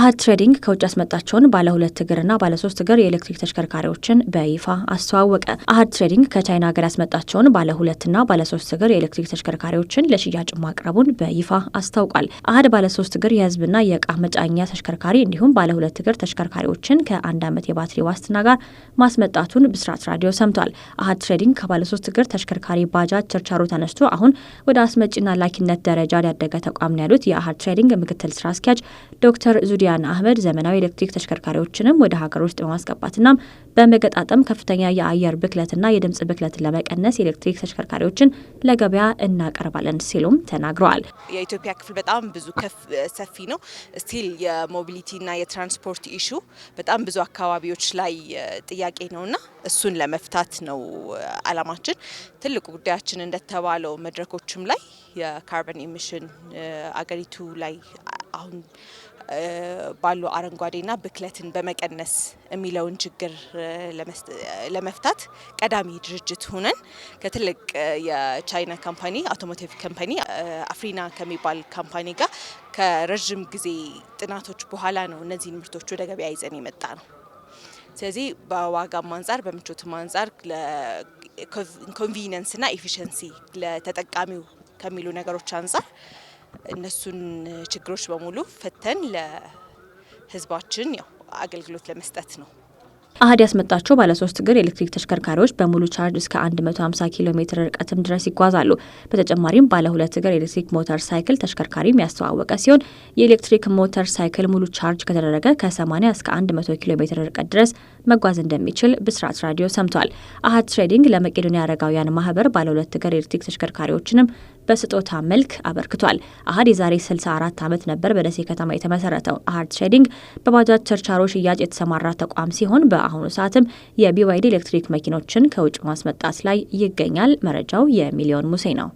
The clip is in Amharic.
አህድ ትሬዲንግ ከውጭ ያስመጣቸውን ባለ ሁለት እግርና ባለ ሶስት እግር የኤሌክትሪክ ተሽከርካሪዎችን በይፋ አስተዋወቀ። አህድ ትሬዲንግ ከቻይና ሀገር ያስመጣቸውን ባለ ሁለትና ባለ ሶስት እግር የኤሌክትሪክ ተሽከርካሪዎችን ለሽያጭ ማቅረቡን በይፋ አስታውቋል። አህድ ባለ ሶስት እግር የህዝብና የእቃ መጫኛ ተሽከርካሪ እንዲሁም ባለ ሁለት እግር ተሽከርካሪዎችን ከአንድ ዓመት የባትሪ ዋስትና ጋር ማስመጣቱን ብስራት ራዲዮ ሰምቷል። አህድ ትሬዲንግ ከባለ ሶስት እግር ተሽከርካሪ ባጃጅ ችርቻሮ ተነስቶ አሁን ወደ አስመጪና ላኪነት ደረጃ ያደገ ተቋም ነው ያሉት የአህድ ትሬዲንግ ምክትል ስራ አስኪያጅ ዶክተር ዙዲያ ሪያን አህመድ ዘመናዊ ኤሌክትሪክ ተሽከርካሪዎችንም ወደ ሀገር ውስጥ በማስገባትና በመገጣጠም ከፍተኛ የአየር ብክለትና የድምጽ ብክለትን ለመቀነስ የኤሌክትሪክ ተሽከርካሪዎችን ለገበያ እናቀርባለን ሲሉም ተናግረዋል። የኢትዮጵያ ክፍል በጣም ብዙ ሰፊ ነው። ስቲል የሞቢሊቲና የትራንስፖርት ኢሹ በጣም ብዙ አካባቢዎች ላይ ጥያቄ ነውና እሱን ለመፍታት ነው አላማችን። ትልቁ ጉዳያችን እንደተባለው መድረኮችም ላይ የካርበን ኢሚሽን አገሪቱ ላይ አሁን ባሉ አረንጓዴና ብክለትን በመቀነስ የሚለውን ችግር ለመፍታት ቀዳሚ ድርጅት ሆነን ከትልቅ የቻይና ካምፓኒ አውቶሞቲቭ ካምፓኒ አፍሪና ከሚባል ካምፓኒ ጋር ከረዥም ጊዜ ጥናቶች በኋላ ነው እነዚህን ምርቶች ወደ ገበያ ይዘን የመጣ ነው። ስለዚህ በዋጋም አንጻር በምቾትም አንጻር ኮንቪኒየንስና ኤፊሽንሲ ለተጠቃሚው ከሚሉ ነገሮች አንጻር እነሱን ችግሮች በሙሉ ፈተን ለህዝባችን ያው አገልግሎት ለመስጠት ነው አህድ ያስመጣቸው ባለሶስት እግር ኤሌክትሪክ ተሽከርካሪዎች በሙሉ ቻርጅ እስከ 150 ኪሎ ሜትር ርቀትም ድረስ ይጓዛሉ። በተጨማሪም ባለ ሁለት እግር ኤሌክትሪክ ሞተር ሳይክል ተሽከርካሪም ያስተዋወቀ ሲሆን የኤሌክትሪክ ሞተር ሳይክል ሙሉ ቻርጅ ከተደረገ ከ80 እስከ 100 ኪሎ ሜትር ርቀት ድረስ መጓዝ እንደሚችል ብስራት ራዲዮ ሰምቷል። አህድ ትሬዲንግ ለመቄዶንያ አረጋውያን ማህበር ባለ ሁለት እግር ኤሌክትሪክ ተሽከርካሪዎችንም በስጦታ መልክ አበርክቷል። አህድ የዛሬ 64 ዓመት ነበር በደሴ ከተማ የተመሰረተው። አህድ ትሬዲንግ በባጃጅ ቸርቻሮ ሽያጭ የተሰማራ ተቋም ሲሆን በ በአሁኑ ሰዓትም የቢዋይዲ ኤሌክትሪክ መኪኖችን ከውጭ ማስመጣት ላይ ይገኛል። መረጃው የሚሊዮን ሙሴ ነው።